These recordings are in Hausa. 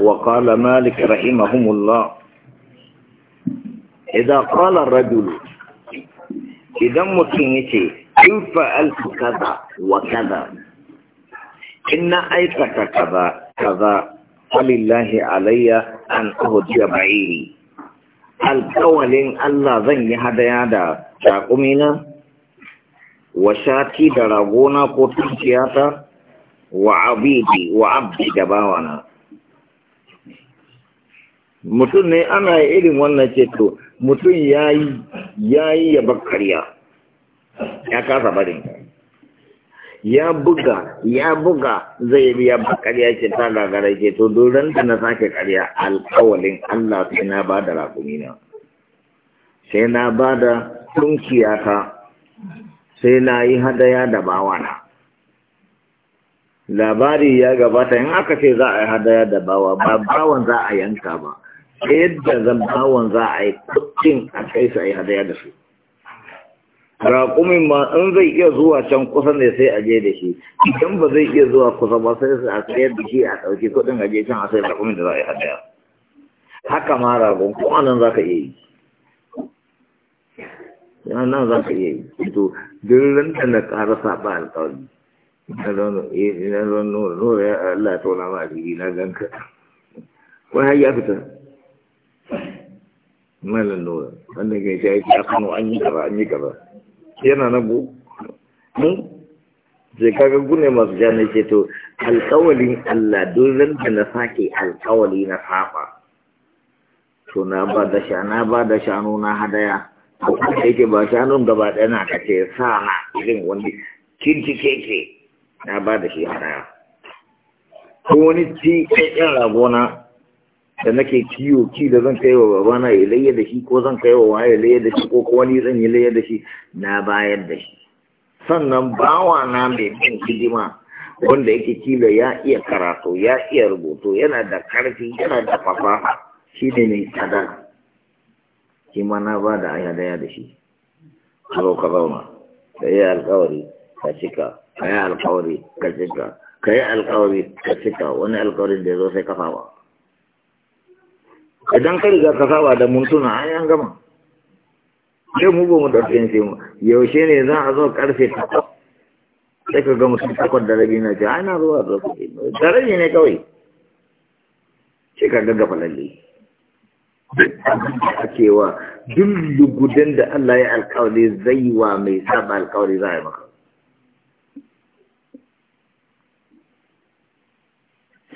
وقال مالك رحمهم الله إذا قال الرجل إذا مكينتي كيف ألف كذا وكذا إن أيتك كذا كذا فلله علي أن أهدي بعيري هل كول الله ذي هذا يادا تاقمينا وشاتي دراغونا قطنسياتا وعبيدي وعبدي جباوانا mutum ne ana irin wannan ceto mutum ya yi ya yi ya ya kasa barin ya buga ya buga zai biya bakkarya ce ta gagara ceto, to doron na sake karya alkawalin Allah sai na ba da rakumina sai na ba da tunkiyata sai na yi hadaya da bawana labari ya gabata in aka ce za a yi hadaya da bawa ba bawan za a yanka ba ta yadda zambawan za a yi kuɗin a kai su a yi hadaya da su raƙumin ma in zai iya zuwa can kusa ne sai a je da shi idan ba zai iya zuwa kusa ba sai a sayar da shi a ɗauki kuɗin a je can a sai raƙumin da za a yi hadaya haka ma ragon ko nan za ka iya yi yana nan za ka iya yi to duk randa na ƙara saɓa alƙawari na zan nuna eh, ya Allah ta wani ma a jiri na ganka wani ya fita malam nura wanda ga shi aiki a kano an yi kaza an yi kaza yana na bu sai kaga gune masu jana ce to alkawalin Allah don da na sake alkawali na safa. to na ba da sha na ba da shanu na hadaya a kuma yake ba shanun gaba ɗaya na kace sa na irin wani kincike na ba da shi hadaya ko wani ci rago na. da nake kiyo ki da zan kai wa babana ya layya da shi ko zan kai wa waye layya da shi ko kuma ni zan yi layya da shi na bayar da shi sannan bawa na mai bin hidima wanda yake kila ya iya karatu ya iya rubutu yana da karfi yana da fafa shi ne mai tsada shi ma na ba da aya daya da shi ka ka zauna ka yi alkawari ka cika ka yi alkawari ka cika ka yi alkawari ka cika wani alkawarin da ya zo sai ba. idan ka riga ka saba da mun tuna an yan gama Yau mu ba mu ɗauke ne mu yaushe ne za a zo karfe takwas sai ka ga mutum takwas da rabi na ce na zuwa da kuɗi da rabi ne kawai sai ka gaga falalle a cewa duk lugudan da Allah ya alkawari zai wa mai saba alkawari za a yi maka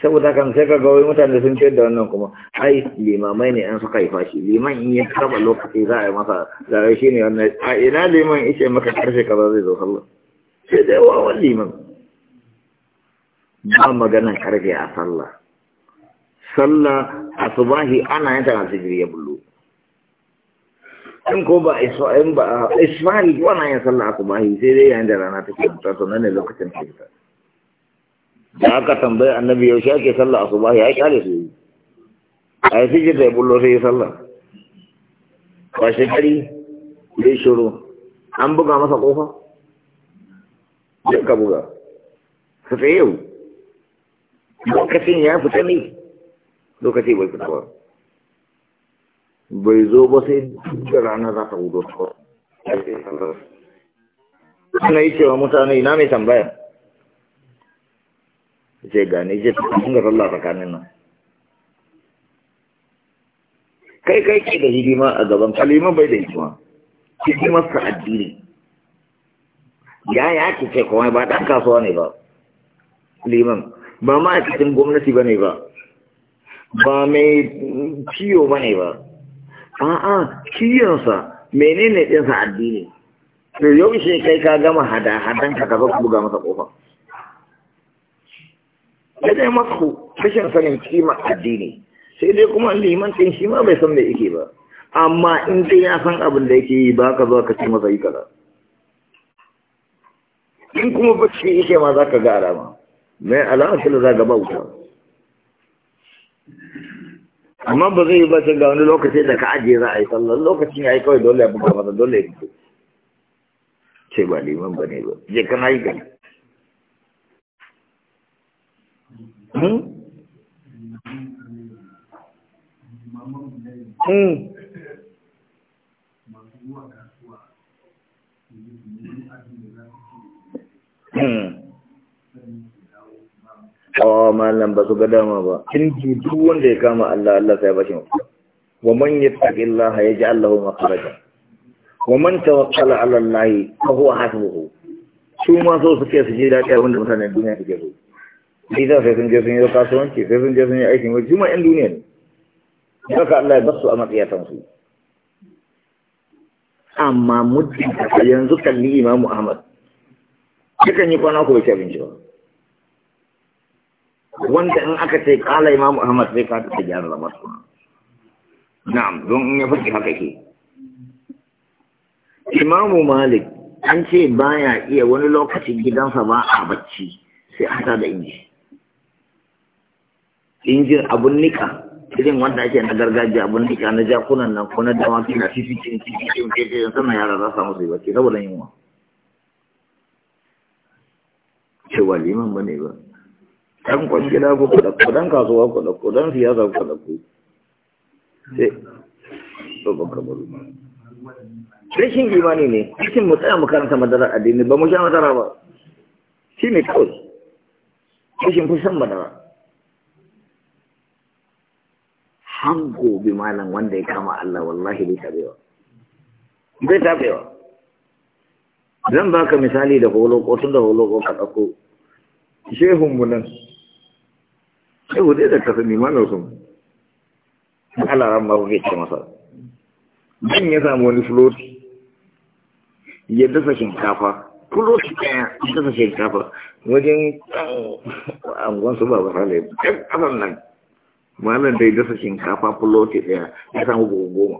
saboda kan sai ka ga wai mutane sun ce da wannan kuma ai limamai ne an suka yi fashi liman in ya saba lokaci za a yi masa da shi ne wannan a ina liman ishe maka karfe kaza zai zo sallah sai dai wawan liman ba maganan karfe a sallah sallah subahi ana yin tana sigiri ya bullo in ko ba isma'il ba ko ana yin sallah subahi sai dai yayin da rana take mutar sannan ne lokacin fita da aka tambaya annabi yaushe ake sallah asuba ya kyale su yi a yi sijin da ya bullo sai ya sallah ba shekari bai shiru an buga masa kofa ka buga su tsaye yau lokacin ya fita ne lokaci bai fita ba bai zo ba sai da rana za ta wudo ta ba ana yi cewa mutane ina mai tambaya sai gane je tun da sallah tsakanin nan kai kai ke da hidima a gaban kalima bai da hidima hidimar sa addini ya ya ki ce kuma ba dan kasuwa ne ba liman ba ma a cikin gwamnati ba ne ba ba mai ciyo ba ne ba a'a ciyonsa menene ɗinsa addini to yau shi kai ka gama hada hadan ka ka zo buga masa kofa ya dai masu rashin sanin kima addini sai dai kuma liman shi ma bai san da yake ba amma in dai ya san abin da yake yi ba ka zo ka ci masa yi kaza in kuma ba bacci yake ma za ka ga alama mai alama da za ga bauta amma ba zai yi ba ga wani lokaci da ka ajiye za a yi sallar lokacin ya yi kawai dole ya buga masa dole ya fito ce ba liman ba ne ba je kana yi gani Hmm. hmm. hmm. malam ba su ga dama ba, in duk wanda ya kama Allah Allah sai ba shi Wa man yi taƙi Allah ya ji Allah wa Wa man tawakkala Allah fa huwa hasbuhu. Su ma so suke su ji daɗi abin wanda mutanen duniya suke so. Nisa sai sun je sun yi kasuwanci sai sun je sun yi aikin wajen juma yan duniya ne. Saka Allah ya basu a su Amma muddin yanzu kalli Imamu Ahmad. Yakan yi kwana ku bai ci abinci ba. Wanda in aka ce kala Imamu Ahmad sai ka ta gyara lamar suna. Na'am, don in ya faɗi haka ke. Imamu Malik an ce baya iya wani lokacin gidansa ba a bacci sai a da inji. injin abun nika irin wanda ake na gargajiya abun nika na jakunan nan ko na dawaki na fifi cin cin cin cin sannan yara za su samu su yi bacci saboda yunwa cewa liman ba ne ba ɗan kwangila ko kuka da kudan kasuwa ku da kudan siyasa ku ba sai ɗauko kamaru rashin imani ne cikin mu tsaya mu karanta madara, addini ba mu sha madara ba shi ne kawai rashin kusan madara Han bi malam wanda ya kama Allah wallahi bai tabewa bai tabewa zan baka misali da holoko tun da holoko ka ɗauko shehun mu nan shehu dai da tafi malam sun Allah ran ba kuke ce masa din ya samu wani float ya dasa shinkafa floti ɗaya ya dasa shinkafa wajen angon su ba ba sale ɗan nan malam da ya dasa shinkafa fuloti ɗaya ya samu buhu goma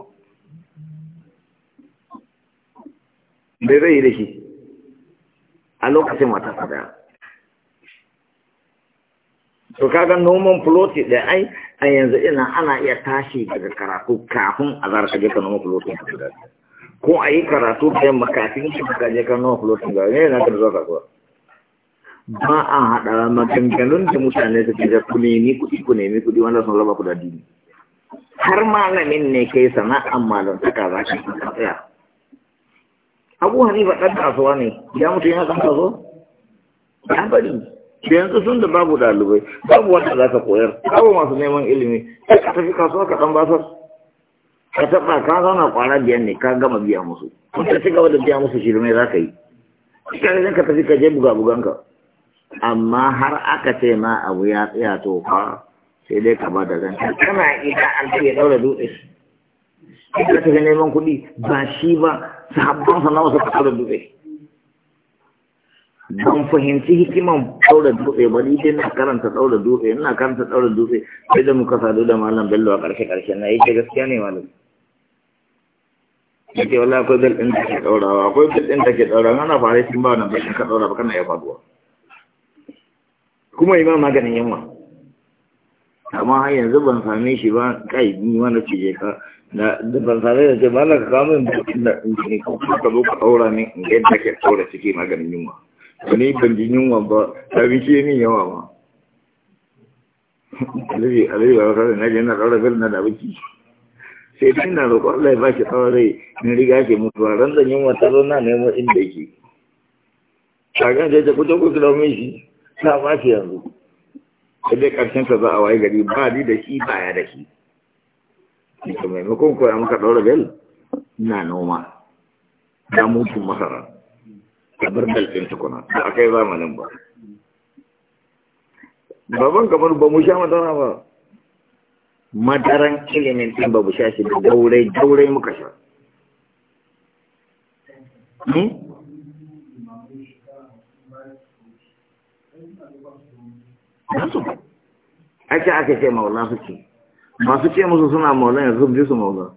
da zai yi da shi a lokacin wata sadaya to kaga noman fuloti ɗaya ai a yanzu ina ana iya tashi daga karatu kafin a zara kaje ka noman fulotin da ko a yi karatu da yamma kafin shi ka je ka noman fulotin da ne na ka zuwa kasuwa ba a haɗa maganganun da mutane suke da ku nemi kuɗi ku nemi kuɗi wanda sun raba ku da dini har malamin ne kai sana'an ka za ki ka tsaya abu ba ɗan kasuwa ne ya mutu yana ɗan kasuwa ya bari yanzu sun da babu dalibai babu wanda za ka koyar babu masu neman ilimi sai ka tafi kasuwa ka ɗan basar ka taɓa ka zauna kwana biyan ne ka gama biya musu kun ta ci gaba da biya musu shirme za ka yi ka ka tafi ka je buga buganka amma har aka ce ma abu ya tsaya to fa sai dai ka ba da zanta kana ita an ce ya daura dutse ka ta neman kuɗi ba shi ba sahabban sa nawa suka daura dutse ban fahimci hikiman daura dutse ba ni dai na karanta daura dutse ina karanta daura dutse sai da muka sadu da malam bello a ƙarshe ƙarshe na yake gaskiya ne malam yake wala akwai bel ɗin da ke ɗaurawa akwai bel ɗin da ke ɗaurawa ana fara shi ba na bel ɗin ka ɗaura ba kana iya faduwa kuma yi ma maganin yunwa amma yanzu ban same shi ba kai ni wanda ce je ka da ban same da ce ba na ka kawo min da in ne ko ka zo ka aura ne in da ke aura cikin maganin yunwa ne ban ji yunwa ba abinci ya ni yawa ma alai alai ba ka na je na ka rabe na da abinci sai tun na roƙo Allah ya ba shi tsawon in riga ke mutuwa ran da yunwa ta zo na nemo inda yake kagan sai ta fito ku kira min ta ba yanzu sai karshen ta za a waye gari ba ni da shi ba ya da shi ita maimakon koya muka ɗaura bel ina noma na mutum masara a bar dalfin tukuna da aka zamanin ba baban kamar ba mu sha madara ba madaran ilimin ɗin ba mu sha shi da daurai daurai muka sha hmm? su ake aka ce maula suke masu ce musu suna maula yanzu bi su maula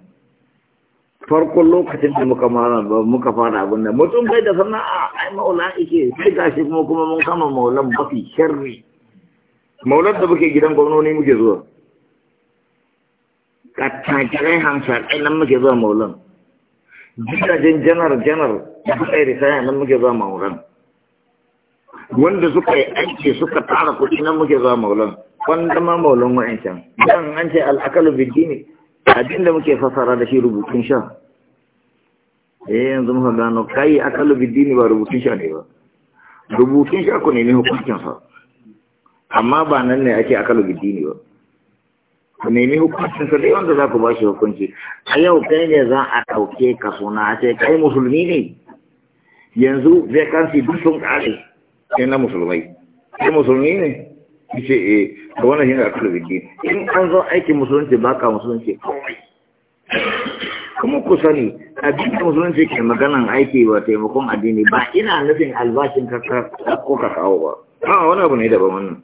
farkon lokacin da muka mara muka fara abin da mutum bai da a ai maula ike sai shi kuma kuma mun kama maulan mafi sharri maular da muke gidan gwamnoni muke zuwa kattakirai hansa ɗai nan muke zuwa maulan gidajen janar janar da kuma yi nan muke zuwa maulan wanda suka yi aiki suka tara kuɗi nan muke zuwa maulon wanda ma maulan wa'ancan don an ce al'akalu biddi ne abinda muke fasara da shi rubutun sha eh yanzu muka gano kai akalu biddi ne ba rubutun sha ne ba rubutun sha ku ne ne hukuncin sa amma ba nan ne ake akalu biddi ne ba ku nemi hukuncin sa dai wanda za ku ba shi hukunci a yau kai ne za a ɗauke ka suna a ce kai musulmi ne yanzu zai kansi duk sun ƙare sai na musulmai sai musulmi ne ce eh da wannan shi ne akulu biddi in an zo aikin musulunci ba ka musulunci komai kuma ku sani abin da musulunci ke maganan aiki ba taimakon addini ba ina nufin albashin kakar ko ka kawo ba a wani abu ne daban wannan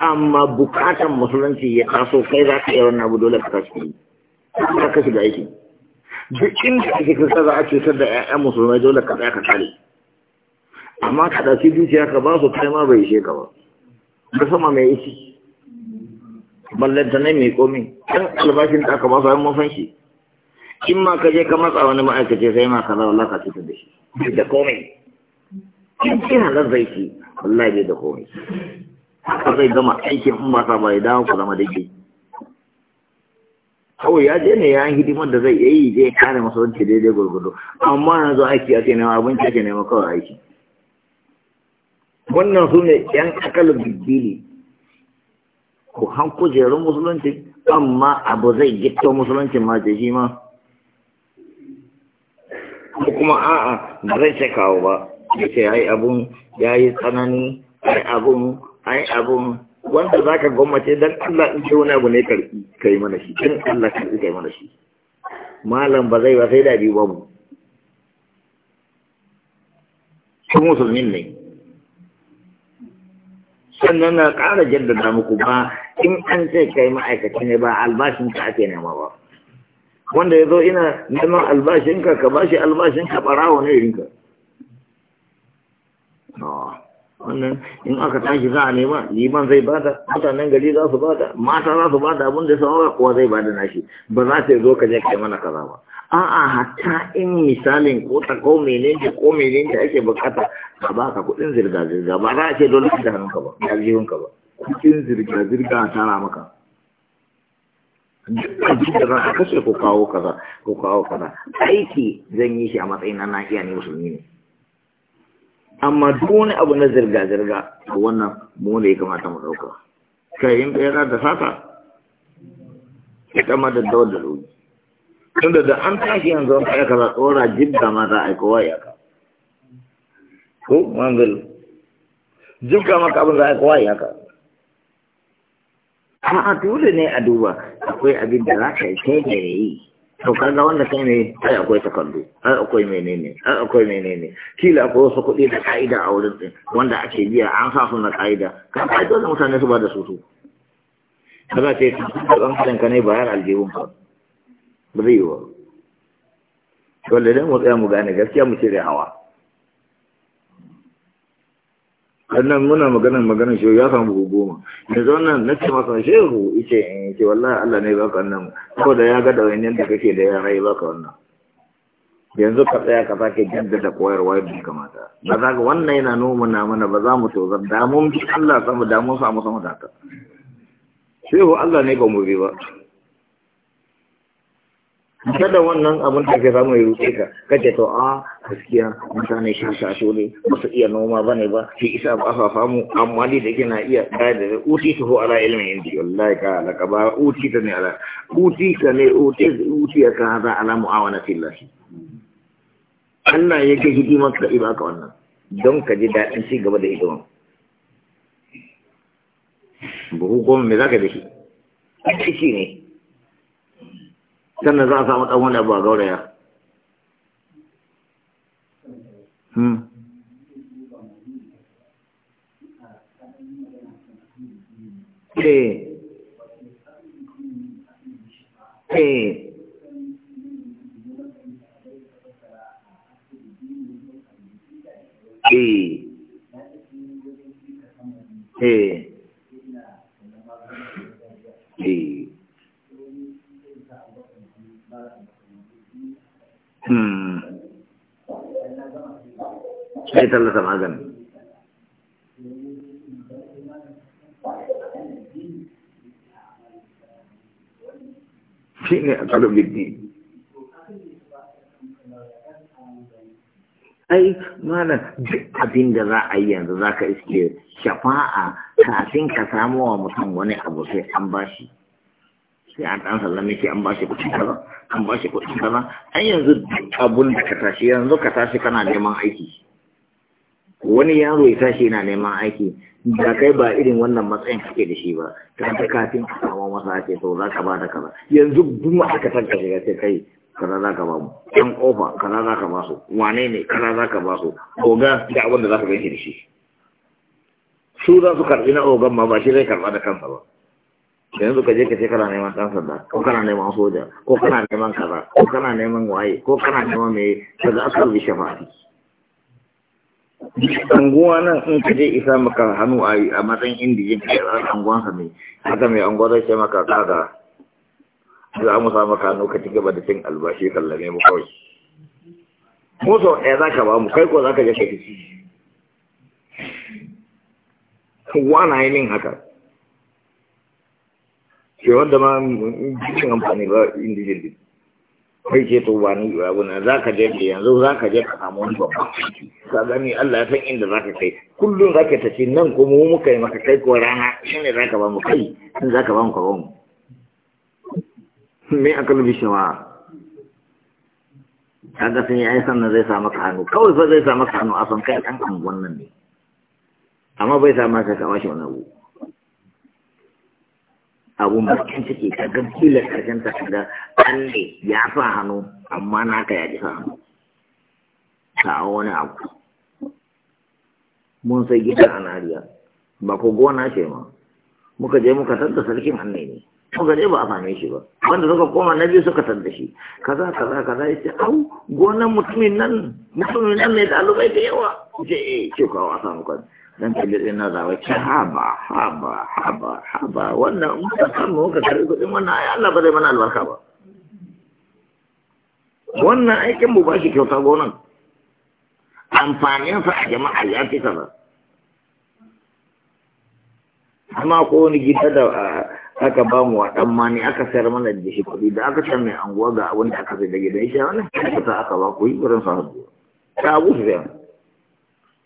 amma bukatan musulunci ya taso kai za ka yi wannan abu dole ka kashi ka kashe da aiki duk inda ake kusa za a cutar da 'ya'yan musulmai dole ka tsaya ka kare amma ka ɗauki dukiya ka ba su kai ma bai ishe ka ba da sama mai ishi ballanta ne mai komi ɗan albashin da aka ba su mun san in ma ka je ka matsa wani ma'aikaci sai ma kaza wallah ka cutar da shi da komai in ce halar zai ci wallahi bai da komai haka zai gama aikin in ba sa ba ya dawo ku zama ke. kawai ya je ne ya hidimar da zai yi je kare masa wancan daidai gwargwado amma yanzu aiki ake nema abinci ake nema kawai aiki wannan su ne ‘yan akalin bibili ko han kujerun musulunci amma abu zai gito musulunci ma da shi ma ko kuma a'a ba zai ce kawo ba ya ce ai abun ya yi tsanani ai abun ai abun wanda za ka gwamnati don Allah in ce wani abu ne karfi ka yi mana shi don Allah karfi ka yi mana shi malam ba zai ba sai da biyu ba mu shi musulmin ne sannan na ƙara jaddada muku ba in an ce kai ma'aikaci ne ba albashin ka ake nema ba wanda ya zo ina neman albashin ka ka bashi albashin ka ɓarawo ne rinka wannan in aka tashi za a nema liman zai bada mutanen gari za su bada mata za su bada abin da sauran kowa zai bada nashi ba za ta zo ka je kai mana kaza ba a'a hatta in misalin ko ta ko menene ko menene ake bukata ka ba ka kuɗin zirga-zirga ba za a ce dole da hannunka ba ji hunka ba kuɗin zirga-zirga a tara maka duk da za ka kashe ko kawo kaza ko kawo kaza aiki zan yi shi a matsayin na iya ne musulmi ne amma duk wani abu na zirga-zirga a wannan mu ne ya kamata mu ɗauka kai in ɗaya da sata ya ma da dawar da rubi tunda da an tashi yanzu an kaza tsora jibga ma za a yi kowa ya ka ko mangal jibga maka abin za a kawai haka a'a dole ne a duba akwai abin da za ka yi kai da yi to kaga wanda kai ne ai akwai takardu ai akwai menene ai akwai menene kila akwai wasu kuɗi da ka'ida a wurin din wanda ake biya an sa su na ka'ida ka ba dole mutane su ba da su su kaza ce da ɓangaren ka ne bayan aljihun ka ba zai yi wa dole ne mu tsaya mu gane gaskiya mu cire hawa wannan muna maganar maganar shi ya samu buhu goma yanzu wannan na ce masa shehu ice in eh, ce wallahi Allah ne baka wannan ko da ya ga da wannan da kake da ya rai baka wannan yanzu ka tsaya ka sake jaddada koyarwa yadda kamata ba za ka wannan yana noma na mana ba za mu tozar da mun bi Allah samu da mun samu samu da haka shehu Allah ne ba mu bi ba kada wannan abin da ke samu ya rute ka kace to a ah, gaskiya mutane shi shi ne ba su iya noma ba ne ba shi isa ba sa mu amma ni da kina iya da da uti su ho ala ilmi indi wallahi ka ala ka ba uti ta ne ala uti ka ne uti uti ka hada ala muawanati Allah Allah yake hidima maka da ka wannan don ka ji daɗin ci gaba da hidima buhu goma me zaka da shi ciki ne sannan za a samu ɗan wani abu a gauraya hmm. Eh. Eh. Eh. Eh. eh. sai hmm. tallata maganin shi ne a tsarin bidni ai malam duk abin da za a yi yanzu za ka iske shafa'a kafin ka samu mutum wani abu sai an bashi sai an ɗan sallan nake an bashi kuɗi kaza an bashi kuɗi kaza an yanzu abun da ka tashi yanzu ka tashi kana neman aiki wani yaro ya tashi yana neman aiki da kai ba irin wannan matsayin kake da shi ba ta ta kafin a samu masa ake so za ka ba da kaza yanzu duk aka tanka shiga sai kai kaza za ka ba mu ɗan ƙofa kaza za ka ba su wane ne kaza za ka ba su oga da abin da za ka shi da shi su za su karɓi na ogan ma ba shi zai karɓa da kansa ba yanzu ka je ka ce kana neman ɗan sanda ko kana neman soja ko kana neman kaza ko kana neman waye ko kana neman mai ga aka bi shafa'i anguwa nan in ka je isa maka hannu a a matsayin indijin ka yi anguwansa mai haka mai anguwa zai ce maka kaga za mu sa maka hannu ka ci gaba da cin albashi kallame mu kawai mu sau ɗaya za ka ba mu kai ko za ka je ka ci wana yi min haka cewar wanda ma cikin amfani ba indijin din kai ce to ba ni ba wani za ka je da yanzu za ka je ka samu wani babban ka gani Allah ya san inda za ka kai kullum za ka tafi nan ko mu muka yi maka kai ko rana shi ne za ka ba mu kai in za ka ba mu ka ba mu me aka lubi shawa ga sun yi ai sannan zai sa maka hannu kawai fa zai sa maka hannu a san kai ɗan kan wannan ne amma bai sa maka ka bashi wani abu abu bakin ciki ka ga kila karshen ta ga alle ya sa hannu amma na ya ji sa hannu ta wani abu mun sai gida a nariya ba ku gona ce ma muka je muka tadda sarkin hannu ne muka je ba a fahimci shi ba wanda suka koma na biyu suka tadda shi kaza kaza kaza ya ce au gonan mutumin nan mutumin nan ne da alubai da yawa ce e! ce kawo a samu kwanci dan kaje ina da wai haba haba haba haba wannan in kan mu ka karbi kudin wannan ai Allah ba zai mana albarka ba wannan aikin mu ba shi kyauta gonan amfanin sa a jama'a ya fi kaza amma ko wani gida da aka ba mu wa dan mani aka sayar mana da shi kudi da aka san mai anguwa ga abin da aka sai da gidan shi wannan kyauta aka ba ku yi wurin sa ta abu su zai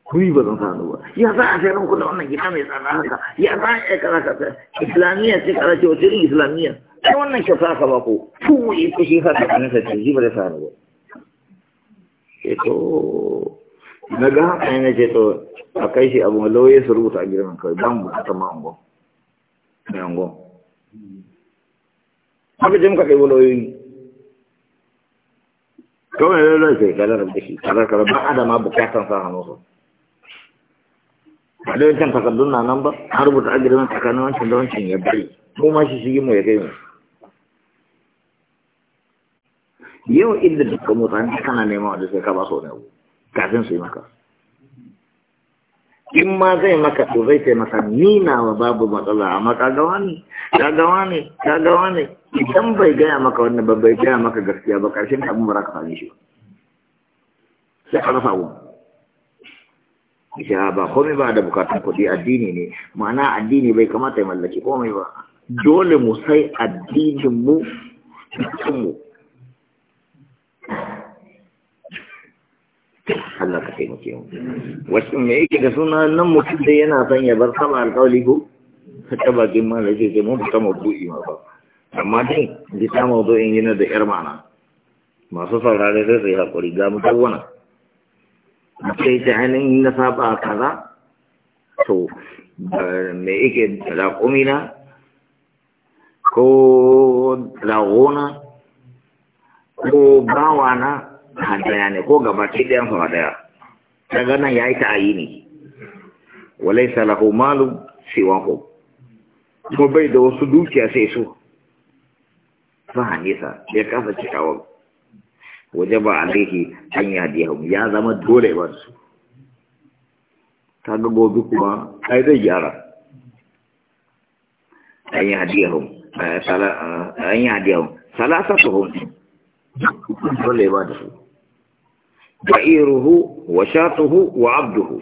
kuri ba zan sanu ba ya za a sai ranku da wannan gida mai tsada haka ya za a islamiyya ce ce wace irin islamiyya ai wannan kyauta ka ba ko tuwo ya ce shi ta kanin sa ce ba sanu ba eh, to na ga haka ne ce to a kai shi abu lauye su rubuta a kawai ba mu bukata ma angon mai angon haka jim ka ɗebo lauyoyi kawai lalata sai kalar da shi kalar kalar ba adama bukatan sa hannu su a da takardun na nan ba an rubuta agirman tsakanin wancan da wancan ya bari ko ma shi shi, mu ya kai mu yau inda dukkan mutane kana nema wanda sai ka ba su wani abu kafin su yi maka in ma zai maka to zai taimaka nina wa babu matsala amma ka gawa ne ka gawa ne ka gawa ne idan bai gaya maka wannan ba bai gaya maka gaskiya ba karshen abin ba za ka same shi ba sai ka rasa abu ya ba komai ba da bukatun kuɗi addini ne ma'ana addini bai kamata ya mallaki komai ba dole mu sai addinin mu mu Allah ka taimake mu wasu me yake da suna nan mutum da yana son ya bar sama alƙawali ko ta bakin ma da zai mun fita buɗi ma ba amma dai bisa maudu'in yana da yar ma'ana masu saurare sai su yi haƙuri ga ta wannan Akwai ta na saba a kaza to me yake raƙumina ko ragona ko bawana hadaya ne ko gabaki ɗayan fa daya ta nan ya yi ayi ne walai salahu malu siwahu kuma bai da wasu dukiya sai su ba hanisa ya kasa cikawa وجب عليه أن يهديهم يا ذا مدولة بس تاجو بكم هذا يارا أن يهديهم أه، سلا أه، أن يهديهم سلا تصهون مدولة بس بئره وشاته وعبده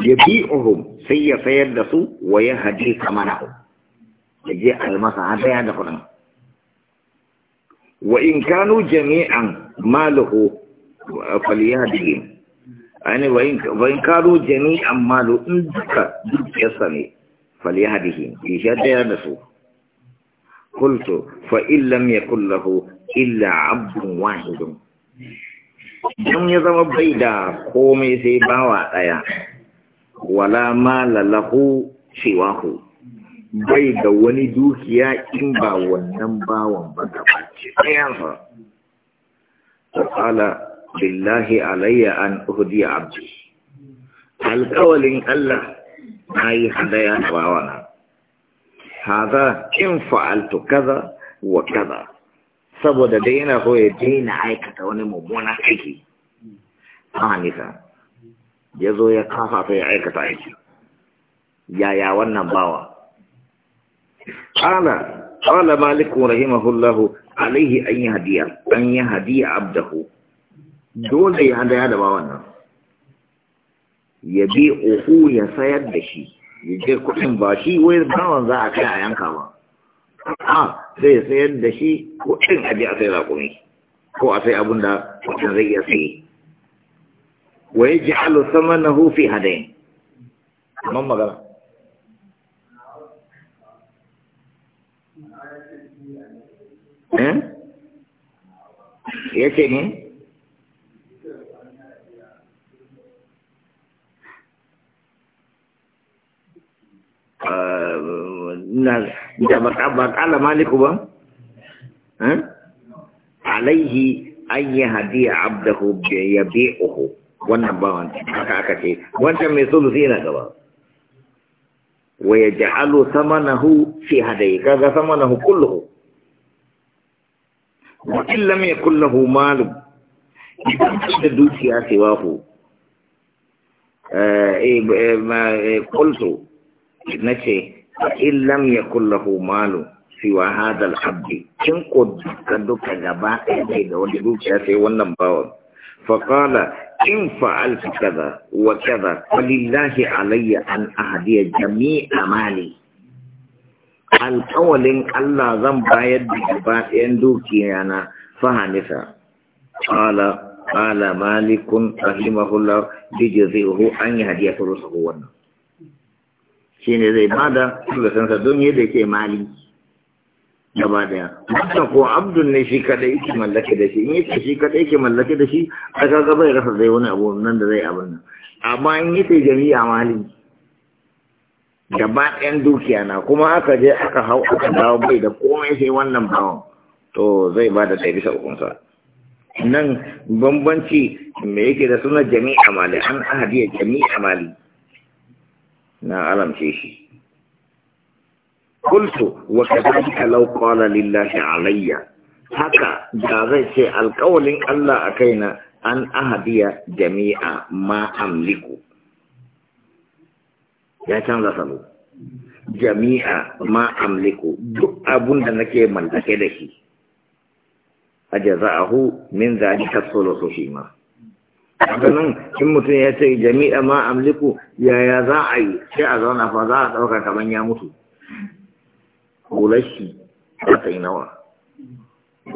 يبيعهم سيفيدسوا ويهدي ثمنه يجي المسعى هذا يعني wa in kanu jami'an maluhu falyahdihim ani wa in wa in kanu jami'an malu in duka dukiyarsa sani falyahdihim bi shadda da su qultu fa illam yakul lahu illa abdun wahidun dan ya zama bai da komai sai bawa daya wala mala lahu siwahu bai da wani dukiya in ba wannan bawan ba gaba ce ɗayansa tsala billahi alayya an uhdi abdi alƙawalin Allah na yi hadaya da bawana haza in fa'altu kaza wa kaza saboda dai yana so ya daina aikata wani mummunan aiki a nisa ya zo ya kafa sai ya aikata aiki yaya wannan bawa قال قال مالك رحمه الله عليه أن يهدي أن يهدي عبده دون أي هذا هذا بوانا يبيعه يسير بشي يجي كتن باشي ويربان ذا أكا كاما آه سير بشي كتن أبي أسير أقومي هو أسير أبونا كتن زي أسير ويجعل ثمنه في هدين ما قال Hmm? Ya ce ne da ba kala maliku ba alaihi an yi hadiya abdahu ya bi'uhu wannan ba haka aka ce wancan mai sulusi na gaba wa ya ja'alu samanahu fi hadayi kaga samanahu kulluhu وإن لم يكن له مال إذا دوسيا سواه إيه، إيه، إيه، قلت نشي إن لم يكن له مال سوى هذا العبد كن قد قدك غباء إذا ودوسيا سوى النباوة فقال إن فعلت كذا وكذا فلله علي أن أهدي جميع مالي alƙawalin Allah zan bayar da gaba ɗayan dukiya na fahimta. Ƙala, ƙala malikun rahimahullah yujzihu an rusa ko wannan ne zai bada da sa don yadda yake mali gaba ɗaya. wannan ko abdul ne shi kaɗai yake mallake da shi in yake shi kaɗai yake mallake da shi aka gaba ya rasa zai wani abu nan da zai abin nan amma in yake jami'a mali gaba ɗayan dukiya na kuma aka je aka hau aka dawo bai da komai sai wannan bawan to zai ba da ɗari nan bambanci me yake da suna jami'a mali an ahadiya jami'a mali na alamce shi wata wa kadhalika law qala lillahi alayya haka da zai ce alƙawalin Allah a kaina an ahadiya jami'a ma amliku ya canza salo jami'a ma amliku duk abun da nake mallake da shi a jaza'ahu min zalika sulusu shi ma nan in mutum ya ce jami'a ma amliku yaya za a yi sai a zauna fa za a ɗauka kamar ya mutu Kulashi za ta yi nawa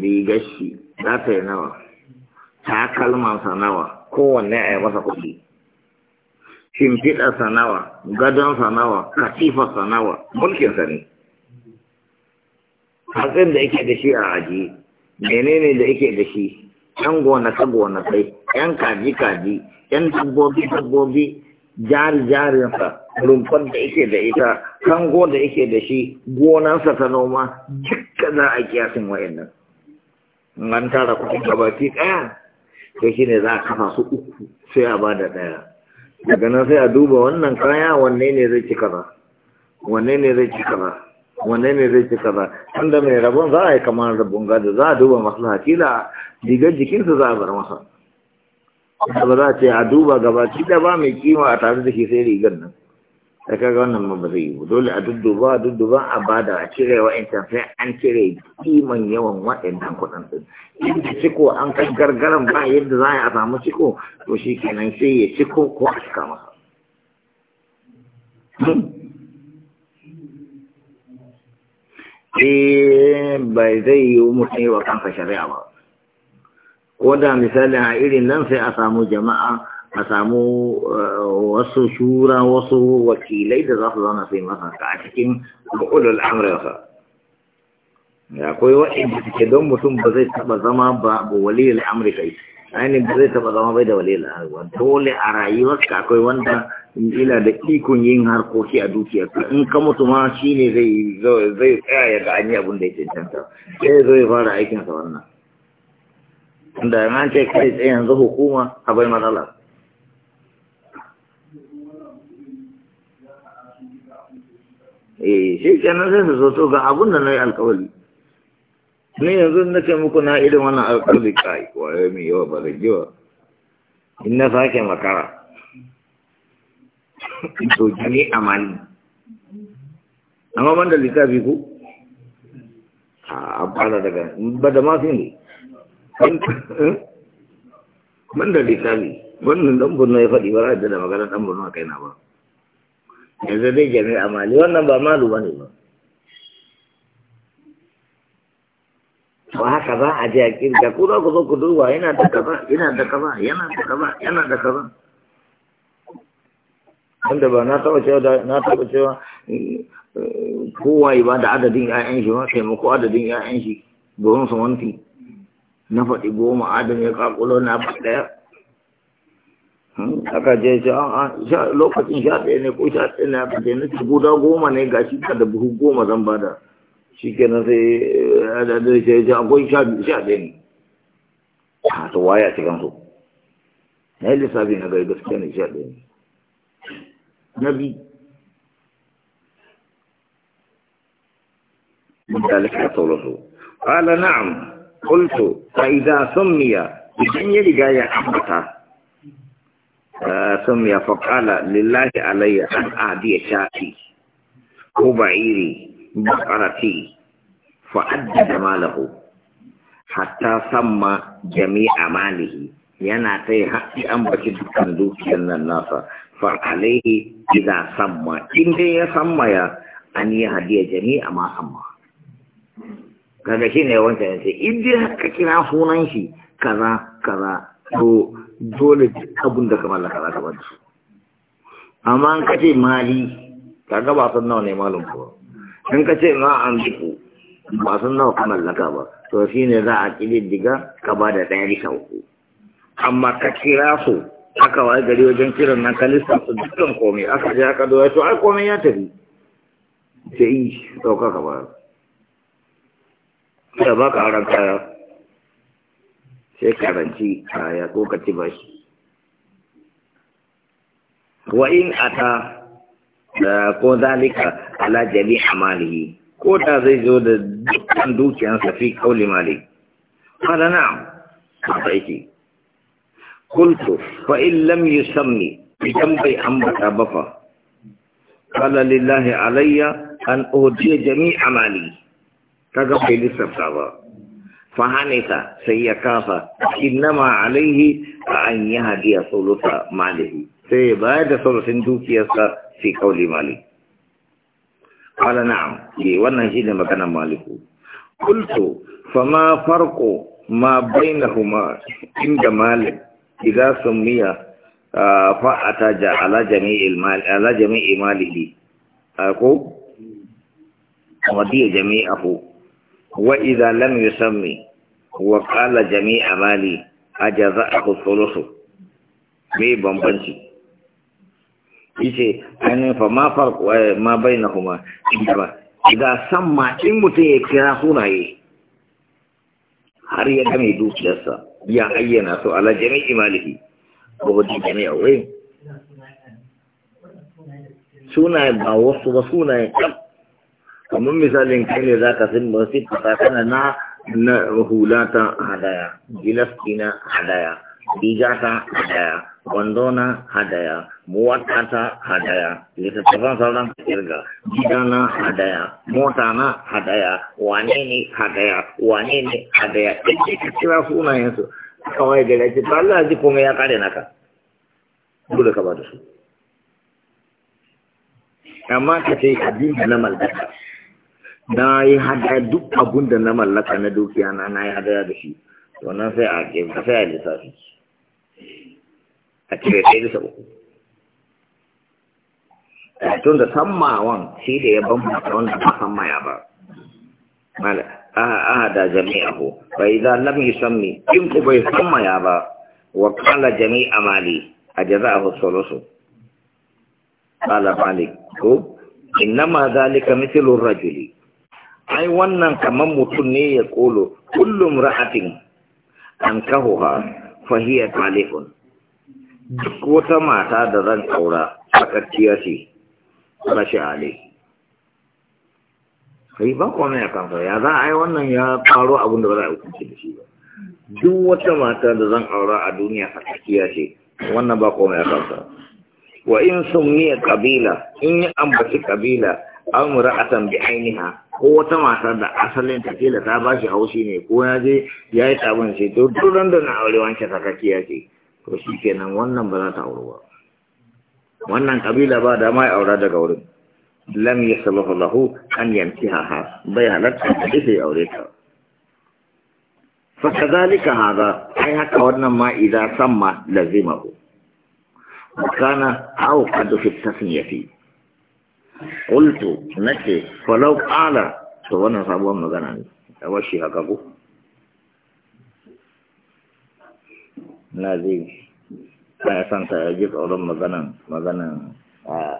rigashi za ta yi nawa takalmansa nawa kowanne a yi masa kuɗi shimfiɗa sanawa gadon sanawa katifa sanawa mulkin sani hatsin da yake da shi a aji menene da yake da shi yan gonaka gonakai yan kaji kaji yan dabbobi dabbobi jari jarinsa rumfar da yake da ita kango da yake da shi gonansa ta noma duka za a kiyasin wayannan an tara kuɗin gabaki ɗaya Sai shi ne za a kafa su uku sai a ba da ɗaya daga nan sai a duba wannan kaya wanne ne zai ci kaza wanne ne zai ci kaza wanne ne zai ci kaza tunda mai rabon za a yi kamar rabon gado za a duba maslaha kila rigar jikinsa za a bar masa ba za a ce a duba gaba da ba mai kima a tare da shi sai rigar nan da kaga wannan ma ba zai yi dole a dudduba a dudduba a bada a cire wa'ancan sai an cire kiman yawan waɗannan kuɗin din inda ciko an kai gargaran ba yadda za a samu ciko to shi kenan sai ya ciko ko a cika masa eh bai zai yi mutum yi wa kansa shari'a ba ko da misali a irin nan sai a samu jama'a a samu eh, wasu shura wasu wakilai da za su zauna sai masa a cikin ulul amrinsa akwai waɗanda suke don mutum ba zai taɓa zama ba waliyar amurka ainihin ba zai taɓa zama bai da waliyar amurka dole a rayuwarsa akwai wanda ila da ikon yin harkoki a dukiya. in ka mutu ma shi ne zai tsaya ya ga an yi abin da ya cancanta sai ya fara aikinsa wannan da an ce kai yanzu hukuma a bai matsala eh shi kenan sai su so ga abun da na yi alkawali ne yanzu na ce muku na irin wannan alkawali kai waye mai yawa ba da jiwa in na sake makara to jini a mali amma ban da littafi ku a fara daga ba da mafi ne eh? ban da littafi wannan dan burno ya faɗi ba za ra'ayi da magana dan burno a kaina ba yanzu dai jami'a mali wannan ba malu ba ne ba to haka ba a je a kirga ku za ku zo ku duba yana da kaza yana da kaza yana da kaza yana da kaza wanda ba na taba cewa da na taba cewa eh, kowa ba da adadin ƴaƴan shi ba ko adadin ƴaƴan shi domin su wanti na faɗi goma adam ya kakulo na faɗi ɗaya Hmm? aka je ah, ah, shi a lokacin sha ɗaya ne ko sha ɗaya ne aka je na ce guda goma ne ga shi ka da buhu goma zan bada shi kenan eh, sai ya da shi ya akwai sha biyu sha ɗaya ne ah, a to waya cikin su na yi lissafi na gari gaskiya ne sha ɗaya ne na bi mutane dalika sauransu قال نعم قلت فإذا miya. idan ya riga ya ambata Eh, sun ya faƙala lillahi alayya an adiya shafi ko ba'iri ba ƙarafi fa'adda da malahu hatta samma jami'a malihi yana ta yi haɗi an baki dukkan dukiyar nan nasa fa'alaihi gida samma inda ya samma ya an yi hadiya jami'a ma samma kaga shi ne wancan yanzu inda ka kira sunan shi kaza kaza to dole abun da kamar laka za ka bada su amma an kace mali ka ga ba san nawa ne malum ko in kace na an biku ba san nawa kamar laka ba to shine za a diga ka ba da ɗaya bisa uku amma ka kira su aka wa gari wajen kiran nan kalista su dukkan komai aka je aka doya to ai komai ya tafi sai yi ɗauka ka ba ka ba ka aran kaya sai karanci a ko ka ci bashi wa in ata ko zalika ala jami'a amalihi ko da zai zo da dukkan dukiyansa fi kauli mali kada na haka yake qultu fa in lam yusammi idan bai ambata ba fa kala lillahi alayya an uhdiya jami'a mali kaga bai lissafta ba fahanita sai ya kafa innama alaihi an yi hadiya tsolusa malihi sai ya bayar da tsolusin dukiyarsa fi kauli mali ƙwada na'am ke wannan shi ne maganan maliku kulto ma farko ma bai na kuma inda malik idan sun miya fa'ata ja ala jami'i malihi ko wadiyar jami'a ko wa'iza idan lamu ya san mai wa qala jami'a mali ajaza'ahu thuluthu me bambanci yace an fa ma farq eh, ma bainahuma ba idan samma in mutum ya kira sunaye har ya game dukiyarsa ya ayyana su ala jami'i malihi ko ba jami'a wai sunaye ba wasu ba sunaye kamar misalin kai ne za ka sin ba sai fata kana na hula hulata hadaya gilastina hadaya rigata hadaya wandona hadaya ta hadaya littattafan sauran kirga gidana hadaya mota na hadaya wane ne hadaya wane ne hadaya ɗin ka kira sunayensu kawai gare ce ta Allah ji komai ya kare naka dole ka ba da su amma ka ce ka na mallaka na yi hada duk abun da na mallaka na dukiya na na yi hadaya da shi to nan sai a ke ka sai a lissafi a cire sai bisa uku eh, tun da sammawan shi da ya ban bambanta wanda ba samma ya ba mala aha da jami'ahu fa idza lam yusammi in ku bai samma ya ba wa qala jami'a mali a ajza'ahu sulusu qala malik ko innama dhalika mithlu ar-rajuli ai wannan kamar mutum ne ya kolo kullum ra'atin an ha fahiyar talifun duk wata mata da zan aura sakacciya ce rashi alai kai ba komai a kansa ya za a yi wannan ya faru abin da ba za a hukunci da shi ba duk wata mata da zan aura a duniya a tsakiya ce wannan ba kuma a kansa wa in sun miya kabila in yi ambaci kabila an mura'atan bi ainiha ko wata mata da asalin ta kila ta bashi haushi ne ko ya je ya yi tabin sai to duk ran da na aure wanke ya ce to shi kenan wannan ba za ta aure ba wannan kabila ba da ma ya aura daga wurin lam yasluhu lahu an yanki ha bai halatta da ya aure ta haka wannan ma idan san ma lazima ku kana أوقد kadu التسمية فيه na nace falau ƙala to wannan sabuwar magana ne da washi haka ko na zai ya san ta ji tsoron maganan maganan a ah,